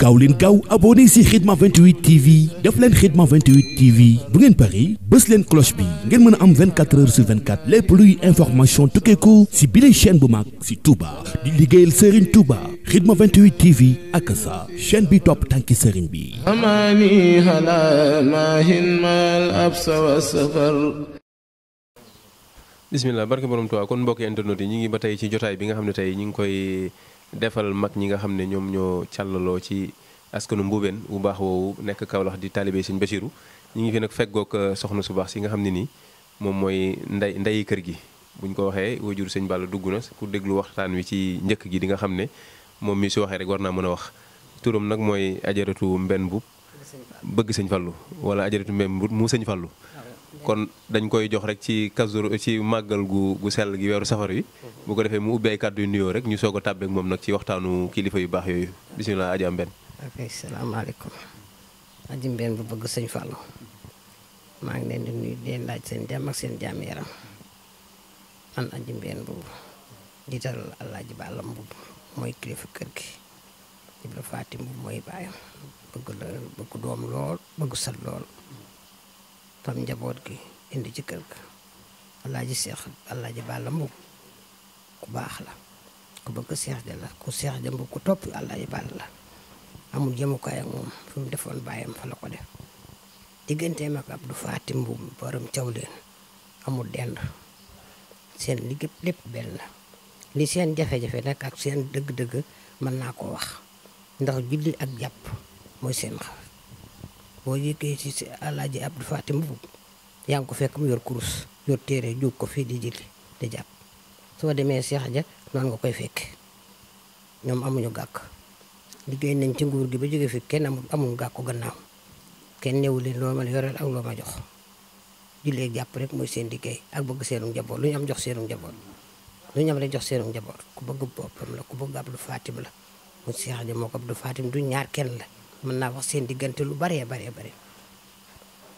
gaaw leen gaaw abonné si Khidma 28 TV def leen Khidma 28 TV bu ngeen pari bës leen cloche bi ngeen mën a am 24 heures sur 24 lépp luy information tukkeeku si bile chaîne bu mag si Touba di liggéeyal Serigne Touba Khidma 28 TV ak sa chaîne bi topp tànki Serigne bi. amaani halal maahin maal absa wa safar. bismillah barke borom Tuubaa kon mbokk internet ba tey ci jotaay bi nga xam ne tey ñu ngi koy. defal mag ñi nga xam ne ñoom ñoo càllaloo ci askanu mbuubeen bu baax woowu nekk Kaolack di taalibe Sëñ Basiru ñu ngi fi nag feggoog euh, soxna su baax si nga xam ne nii moom mooy nday ndayi kër gi buñ ko waxee wajur sëñ Balla dugg na ku déglu waxtaan wi ci njëkk gi di nga xam ne moom mi su waxee rek war naa mën a wax turam nag mooy ajaratu mbenn bu bëgg sëñ Fallu wala ajaratu mbenn bu mu sëñ Fallu kon dañ koy jox rek ci kazu ci màggal gu gu sell gi weeru safar yi mhm. bu ko defee mu ubbi ay kàddu yu nuyoo rek ñu soog a tàbbeek moom nag ci waxtaanu kilifa yu baax yooyu bisimilah Adja Mbène. ok salaamaaleykum. Adja Mbène bu bëgg sëñ Fallou. maa ngi leen laaj seen jàmm ak seen jàmm yaram. man Adja mooy kilifa kër gi. Ibra Fatim Mbubb mooy baayam. bëgg doom lool bëgg sët lool. tam njaboot gi indi ci kër ga alaaji seex alaaji Balla Mbuub ku baax la ku bëgg seex ja la ku seex ja Mbuub ku topp alaaji Balla la amul jëmukaay ak moom fi defoon bàyyam fa la ko def digganteem ak Abdou Faati Mbuub borom caw leen amul dend seen liggéey lépp benn la li seen jafe-jafe nag ak seen dëgg-dëgg mën naa ko wax ndax julli ak jàpp mooy seen xaw boo yëgee ci si alaaji Abdou Fatim bu yaa ngi ko fekk mu yor kurus yor téere jóg ko fii di julli di jàpp soo demee Cheikh ja noonu nga koy fekk ñoom amuñu gàkk liggéey nañ ci nguur gi ba jóge fi kenn amul amul gàkku gannaaw kenn newu leen loo ma yoreel ak loo ma jox jullee jàpp rek mooy seen liggéey ak bëgg seenu njaboot lu ñu am jox seenu njaboot lu ñu am jox seenu njaboot ku bëgg boppam la ku bëgg Abdou Fatim la mu Cheikh ja moo ko Abdou Fatim du ñaar kenn la mën naa wax seen diggante lu baree baree bare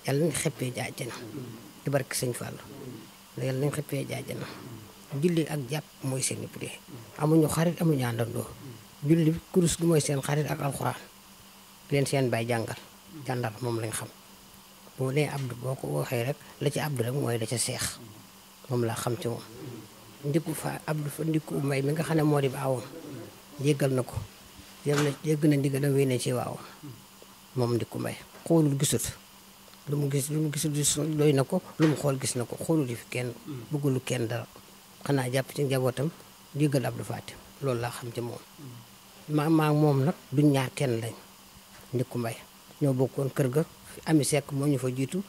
yàlla nañ xeppee jaajëna di barki sëñ Fallou yàlla nañ xeppee jaajëna julli ak jàpp mooy seen i prix amuñu xarit amuñu àndandoo julli kurus gi mooy seen xarit ak alxuraan leen seen bay jàngal jàndal moom lañ xam boo boo ko waxee rek la ci Abdou rek mooy la ca seex moom laa xam ci moom ndikku fa Abdou fa ndikku may mi nga xam ne moo di baawam jéggal na ko yëg na yëg na ndigal da wéy na ci waaw moom di ku mbay xoolul gisut lu mu gis lu mu gisul doy na ko lu mu xool gis na ko xoolul fi kenn bëggulu kenn dara xanaa jàpp ci njabootam jéggal Abdou Faty loolu laa xam ci moom maa moom nag duñ ñaar kenn lañ ndikku mbay ñoo bokkoon kër ga ami sekk moo ñu fa jiitu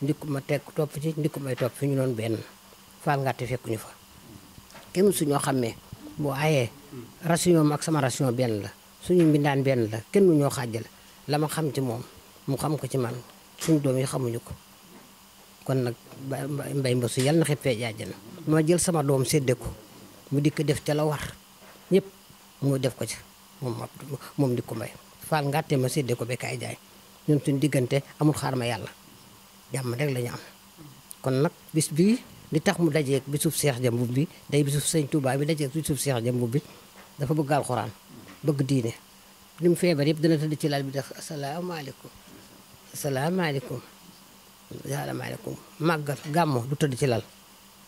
ndikku ma teg topp ci ndikku mbay topp fi ñu doon benn faal ngàtte fekkuñu fa kenn suñoo xammee boo ayee ration ak sama ration benn la suñu mbindaan benn la kenn mu ñoo xaajale la ma xam ci moom mu xam ko ci man suñ doom yi xamuñu ko kon nag mbay mbasu yàlla na xeppee na moo jël sama doom sédde ko mu dikk def ca la war ñëpp mu def ko ci moom moom di ko mbay faal ngàtte ma sédde ko bekkaay jaay ñun suñu diggante amul xaar ma yàlla jàmm rek la ñu am kon nag bis bii di tax mu dajeeg bisub seex jambub bi day bisuuf sëñ Tuubaa bi dajeeg bisub seex jambub bi dafa bëgg alxuraan bëgg diine li mu feebar yëpp dina tëdd ci lal bi def asalaamaaleykum asalaamaaleykum asalaamaaleykum màggal gàmmo du tëdd ci lal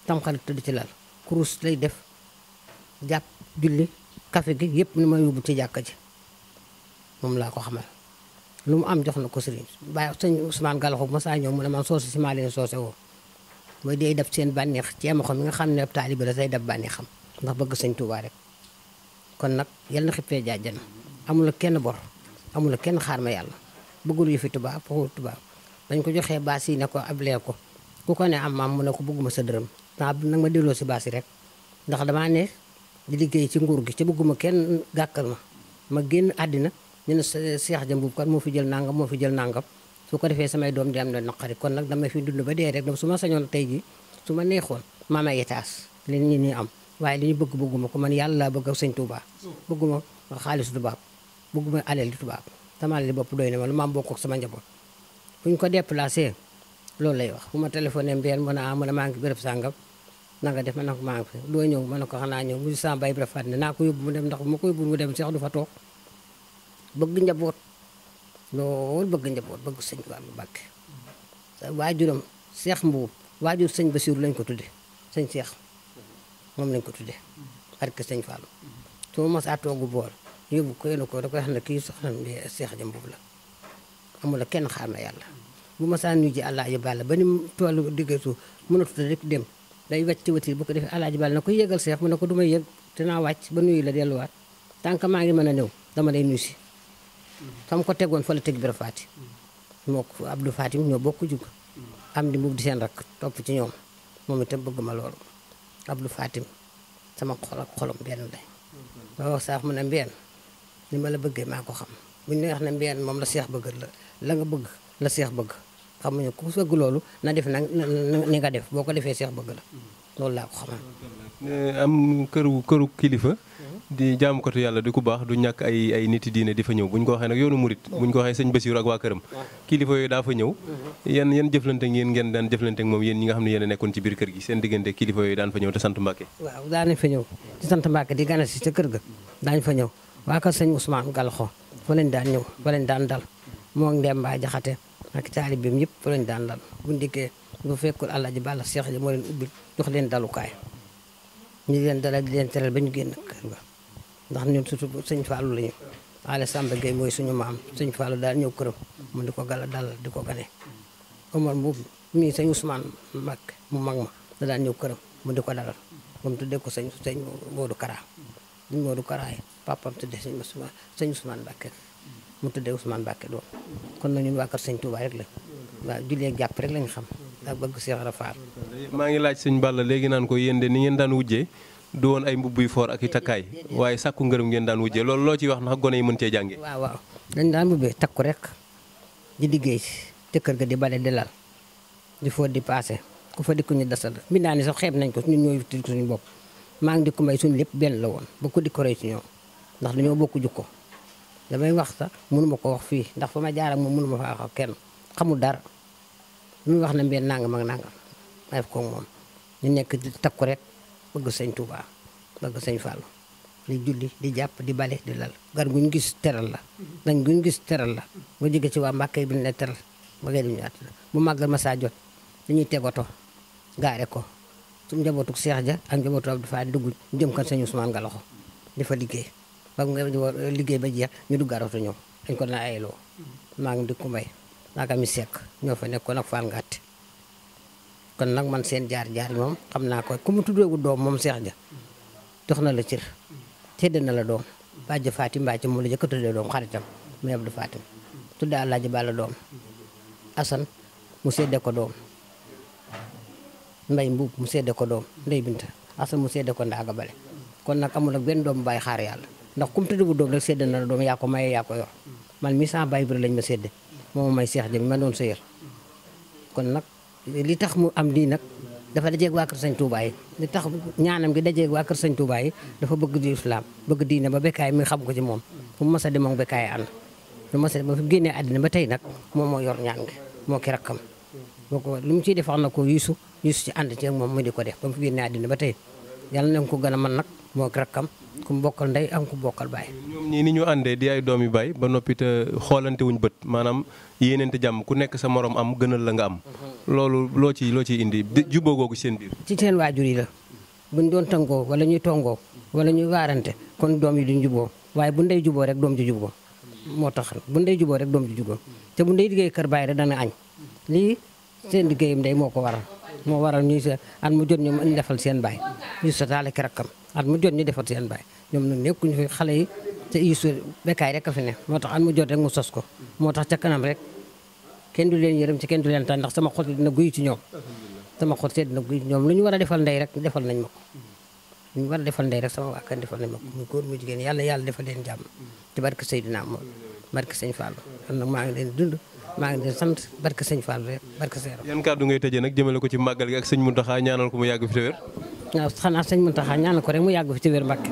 tamxarit tëdd ci lal kurus lay def jàpp julli kafe gi yëpp ni ma yóbbu ci jàkk ji moom laa ko xamal lu mu am jox na ko sëriñ bàyyi sëñ Ousmane Galaxo ma saa ñëw mu ne man soose si maa leen soose woo mooy day def seen bànneex ci ama xam mi nga xam ne taalibe la say def bànneexam ndax bëgg sëñ Tuubaa kon nag yal na xippee jaajën amul kenn bor amul kenn xaar ma yàlla bëggul yëfi tubaab xawul tubaab dañ ko joxee baas yi ne ko ablee ko ku ko ne am maam mu ne ko bëgguma sa dërëm naa nag ma delloo si baas yi rek ndax damaa ne di liggéey ci nguur gi ci bëgguma kenn gàkkal ma ma génn àddina ñu ne Cheikh Jambub kan moo fi jël nangam moo fi jël nangam su ko defee samay doom di am kon nag dama fi dund ba dee rek dama su ma sañoon tey ji su ma neexoon maa may étage am waaye li ñu bëgg bëgguma ko man yàlla laa bëgg ak sëñ xaalis bëgguma xaalisu tubaab bëgguma alal tubaab sama alal bopp doy na ma lu ma bokk ak sama njaboot bu ñu ko déplacé loolu lay wax bu ma téléphoné mbeen mu ne ah mu ne maa ngi béréb sàngam def ma ne ko maa fi doo ñëw ma ne ko naa ñëw mu sama bay bi faat ne naa ko yóbbu mu dem ndax bu ma ko yóbbu mu dem sax du fa toog bëgg njaboot loolu bëgg njaboot bëgg sëñ Touba bu bàkke waajuram seex mbuub waajur sëñ Basiru lañ ko tudde sëñ seex moom lañ ko tuddee parce que sëñ Fallou su ma mosaa toogu bool yóbbu ko yónni ko da koy xam ne kii soxna bi Seex Jam la amul la kenn xaar na yàlla bu mosaa nuyu ji Alaaji Balla ba ni mu toll digg suuf mënatut rek dem day wàcc ci wati bu ko defee na koy yégal Seex mu ne ko du ma yëg dinaa wàcc ba nuyu la delluwaat tant que maa ngi mën a ñëw dama lay nuy si. fam ko tegoon fa la teg biir Faati moo ko Abdou Faati ñoo bokk jug am di mbubb di seen rakk topp ci ñoom moom itam bëgg ma loolu. Abdou Fatim sama xol ak xolom benn la ma wax sax mu ne mbeen ni ma la bëggee maa ko xam bu ñu wax ne mbeen moom la seex bëgg la la nga bëgg la seex bëgg xamuñu ku sëgg loolu na def nag ni nga def boo ko defee seex bëgg la loolu laa ko xamal am këru këru kilifa di jaamukatu yàlla di ku baax du ñàkk ay ay niti diine di fa ñëw bu ñu ko waxee nag yoonu murit bu ñu ko waxee sëñ Basiru ak waa këram kilifa yooyu daa fa ñëw mm-hmm. yan yan jëflante ak yéen ngeen daan jëflante ak moom yéen ñi nga a nekkoon ci fa ñëw te sant ga daañ fa ñëw waa kër sëñ Ousmane Galxo fa lañ daan ñëw fa lañ daan dal moo ngi dem baa daan dal bu ndikkee bu fekkul àlla ji bàlla seex ji moo leen ubbil jox leen dalukaay ñu leen dalal di leen teral ba ñu génn kër ga ndax ñun surtout sëñ Fallou lañu Allé Samba Gueye mooy suñu maam sëñ Fallou daal ñëw këram mu di ko gala dalal di ko gane Omar Mbuub mii sëñ Ousmane mag mu mag ma da ñëw këram mu di ko dalal moom tuddee ko sëñ sëñ Modou Kara sëñ Modou Kara papam tuddee sëñ Ousmane sëñ Ousmane Mbacke mu tuddee Ousmane Mbacke doom kon na ñun waa kër sëñ Touba rek la waaw jullee jàpp rek lañ xam ak bëgg Cheikh Rafal maa ngi laaj sëñ la léegi naan ko yéen de ni ngeen daan wujjee du woon ay mbubb yu foor ak i takkaay waaye sàkku ngërëm ngeen daan wujjee loolu loo ci wax ndax gone yi mën cee jàngee. waaw waaw dañ daan mbubbee takku rek di liggéey te kër ga di bale di lal di fóot di paase ku fa dikku ñu dasa mi naa ne sax xeeb nañ ko ñun ñooy tudd suñu bopp maa ngi di ko may suñu lépp benn la woon ba ko di ko rey ci ñoom ndax dañoo bokk jukko damay wax sax mënuma ma ko wax fii ndax fa ma jaar ak moom mënu ma faa wax ak kenn xamul dara mu wax na mbeen nangam ak nangam ma def ko ñu nekk takku rek bëgg sëñ Touba bëgg sëñ Fall di julli di jàpp di bale di lal gar guñ gis teral la dañ guñ gis teral la nga jóge ci waa Mbàkke bi ne teral ba ngay dem ñaat bu ma saa jot dañuy tegoto gaare ko su njabootu Cheikh ja ak njabootu Abdou dugg jëm kan sëñ Ousmane nga loxo di fa liggéey ba nga liggéey ba jeex ñu dugg garoto ñoom dañ ko na maa ngi di ku mbay naaka mi sekk ñoo fa nekkoon ak Fall Ngàtt kon nag man seen jaar-jaar moom xam naa ko ku mu tuddeegu doom moom seex ja jox na la cër tedd na la doom bàjj Fatim Mbàcc moom la jëkk a doom xaritam muy Abdou Fatim tudde Alaaji Balla doom Asan mu sedde ko doom Mbay Mbuub mu sedde ko doom Ndey Binta Asan mu sedde ko ndaa Bale kon nag amul ak benn doom bàyyi xaar yàlla ndax ku mu tuddeegu doom rek sedd na la doom yaa ko maye yaa ko yor man mi sa bàyyi bari lañ ma sedde moom may seex ja mi ma doon sëyal kon nag li tax mu am dii nag dafa dajeeg waa kër sëñ Touba yi li tax ñaanam gi dajeeg waa kër sañ Touba yi dafa bëgg di islam bëgg dii diine ba bekkaay mi xam ko ci moom fu mu mos a dem ak bekkaay ànd fu mu mos ba tey nag moom moo yor ñaan moo ki rakkam boo ko lu mu ciy def na ko Yuusu Yuusu ci ànd ci moom mu di ko def ba mu fi ba tey yàlla na ko gën a mën nag moo ki rakkam ku mu bokkal ndey am ku bokkal baay. ñoom ñii ni ñu àndee di ay doomi baay ba noppi te bët maanaam yéeneente jàmm ku nekk sa moroom am gënal la nga am loolu loo ci loo ciy indi jubóo googu seen biir. ci seen waajur yi la bu ñu doon tënkoo wala ñuy tongoo wala ñuy waarante kon doom yi duñ juboo waaye bu ndey juboo rek doom ji jubóo moo tax bu ndey juboo rek doom ji jubóo te bu ndey liggéey kër baay rek dana añ lii seen liggéeyam ndey moo ko waral moo waral ñuy sa at mu jot ñoom ñu defal seen baay ñu sotaale ki rakkam at mu jot ñu defal seen baay ñoom ñun nekkuñu fi xale yi te isu bekkaay rek a fi ne moo tax at mu jot rek mu sos ko moo tax ca kanam rek kenn du leen yërëm ci kenn du leen tan ndax sama xol dina guy ci ñoom sama xol ñoom lu ñu war a defal ndey rek defal nañ ma ko lu ñu war a defal ndey rek sama waa kan defal nañ ma ko muy góor muy jigéen yàlla yàlla defal leen jàmm mm. ci barke Seydina moom barke Sëñ Fallou maa ngi leen dund maa ngi leen sant barke Sëñ Fallou rek barke Seydina yan kàddu ngay tëjee nag jëmale ko ci màggal gi ak sëñ Muntaxa ñaanal ko mu yàgg fi te wér waaw xanaa sëñ Muntaxa ñaanal ko rek mu yàgg fi te wér Mbàkke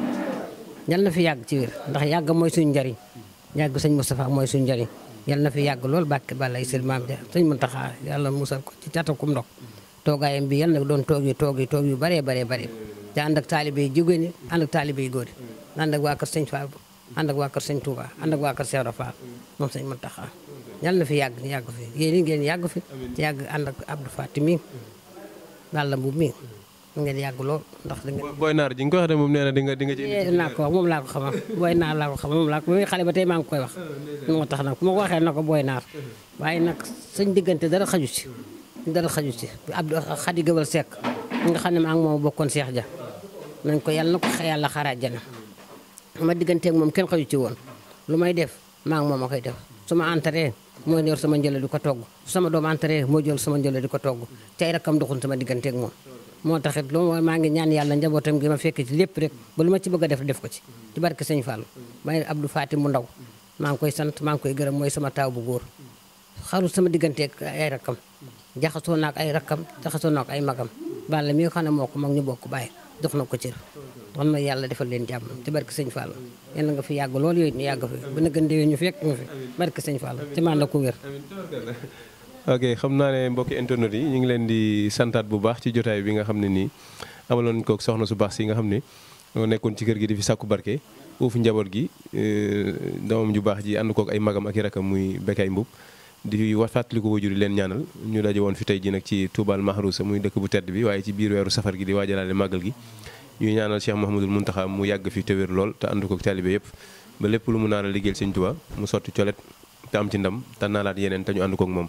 yàlla na fi yàgg ci ndax yàgg mooy suñu njariñ mm. yàgg sëñ Moustapha mooy suñu njariñ yal na fi yàgg lool bàkki bàlla isil maam ja sëñ Muntaxa yàlla musal ko ci catam kum ndox toogaayam bi yal na doon toog yi toog yi toog yu baree baree bare te ànd ak taalibe yi jigéen ñi ànd ak taalibe yi góor yi ànd ak waa kër sëñ Fall ànd ak waa kër sëñ Touba ànd ak waa kër Seydou Fall moom sëñ Muntaxa yal na fi yàgg yàgg fi yéen ngeen yàgg fi yàgg ànd ak Abdou Fatim mi yàlla bu mi mu ngeen yàgg lool ndax. booy naar ji nga ko wax de moom nee na di nga di nga eh, ko wax moo tax nag ku waxee na ko booy naar. waaye nag sañ diggante dara xaju si dara xaju si Abdou Xadi Gëwal Seck nga xam ne maa ngi moom bokkoon Seex ja nañ ko yàlla na ja yàlla ma digganteeg moom kenn xaju ci woon lu may def maa ngi moom a koy def su ma entré mooy yor sama njële di ko togg sama doom entré moo jël sama njële di ko togg tey rakkam doxul sama digganteek moom moo taxit lu maa ngi ñaan yàlla njabootam gi ma fekk ci lépp rek ba lu ma ci bëgg a def def ko ci ci barke sëñ Fallou may Abdou Faty mu ndaw maa ngi koy sant maa ngi koy gërëm mooy sama taaw bu góor xaru sama digganteeg ay rakkam jaxasoo naak ay rakkam jaxasoo naak ay magam Balla mi nga xam ne moo ko mag ñu bokk bàyyi dox na ko cër wan na yàlla defal leen jàmm ci barke sëñ Fall yàlla nga fi yàgg lool yooyu ñu yàgg fi bu na gën déwee ñu fekk ñu fi barke sëñ Fall ci maan la ko wér ok xam naa ne mbokki internet yi ñu ngi leen di santaat bu baax ci jotaay bi nga xam ne nii amaloon kook soxna su baax si nga xam ne nekkoon ci kër gi di fi sàkku barke uuf njaboot gi eh, doomam ju baax ji ànd kook ay magam ak i rakam muy Bécaye Mboup di wax fàttaliku wajur yi leen ñaanal ñu daje woon fi tey ji nag ci Toubaal Mahrousa muy dëkk bu tedd bi waaye ci biir weeru safar gi di waajalaale màggal gi ñuy ñaanal Cheikh Mouhamadul Mountakha mu yàgg fi te wér lool te ànd kook taalibe yëpp ba lépp lu mu naan a liggéeyal Sëñ Tuubaa mu sotti colet am ci ndam te naalaat yeneen te ñu ànd kook moom